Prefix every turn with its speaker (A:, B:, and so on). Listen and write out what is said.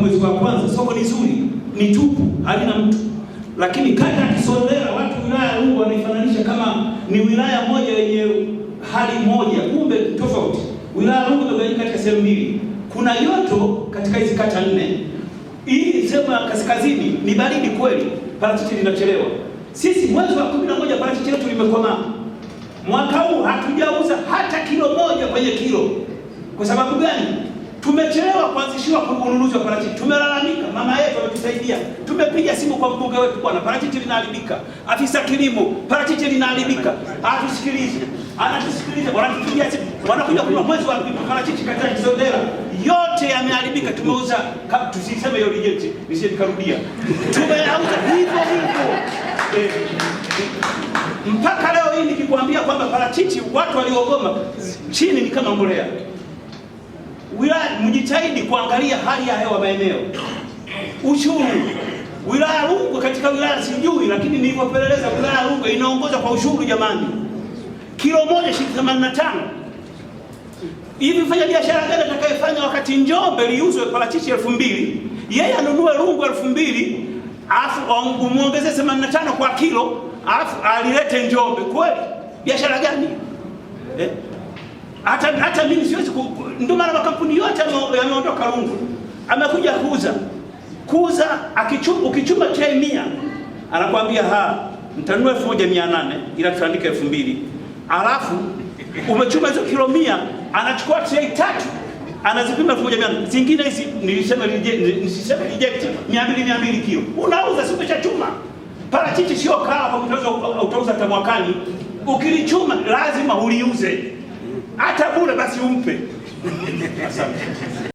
A: mwezi wa kwanza soko ni zuri, ni tupu, halina mtu. Lakini kata ya watu wilaya huu wanaifananisha kama ni wilaya moja yenye hali moja, kumbe tofauti. Wilaya huu Rungwe imegawanyika katika sehemu mbili, kuna yoto katika hizi kata nne. Hii sehemu ya kaskazini ni baridi kweli, parachichi linachelewa. Sisi mwezi wa kumi na moja parachichi yetu limekomaa. Mwaka huu hatujauza hata kilo moja kwenye kilo. Kwa sababu gani? Tumechelewa kuanzishiwa ununuzi wa parachichi, tumelalamika. Mama yetu ametusaidia, tumepiga simu kwa mbunge wetu, bwana, parachichi linaharibika. Afisa kilimo, parachichi linaharibika, hatusikilizi, anatusikiliza, wanatupigia simu, wanakuja kwa mwezi wa pili, parachichi katika Kisondera yote yameharibika. Tumeuza, tusiseme hiyo reject, nisije nikarudia, tumeuza hivyo hivyo eh. mpaka leo hii nikikwambia kwamba parachichi watu waliogoma chini ni kama mbolea wilaya mjitahidi kuangalia hali ya hewa maeneo, ushuru wilaya Rungwe. Katika wilaya sijui, lakini nilivyopeleleza wilaya Rungwe inaongoza kwa ushuru jamani, kilo moja shilingi 85. Hivi fanya biashara gani atakayefanya wakati Njombe liuzwe parachichi elfu mbili yeye anunue Rungwe elfu mbili alafu umuongeze 85 kwa kilo alafu alilete Njombe? Kweli biashara gani eh? hata hata mimi siwezi. Ndio maana makampuni yote yameondoka Rungwe, amekuja kuuza kuuza. Ukichuma chai mia anakwambia ha, mtanua elfu moja mia nane ila tutaandika elfu mbili alafu umechuma hizo kilo mia anachukua trei tatu anazipima elfu moja mia nane zingine hizi nilisema nisiseme reject mia mbili mia mbili kilo unauza, si umeshachuma. Parachichi sio kaa utauza hata mwakani, ukilichuma lazima uliuze asiumpe. Asante.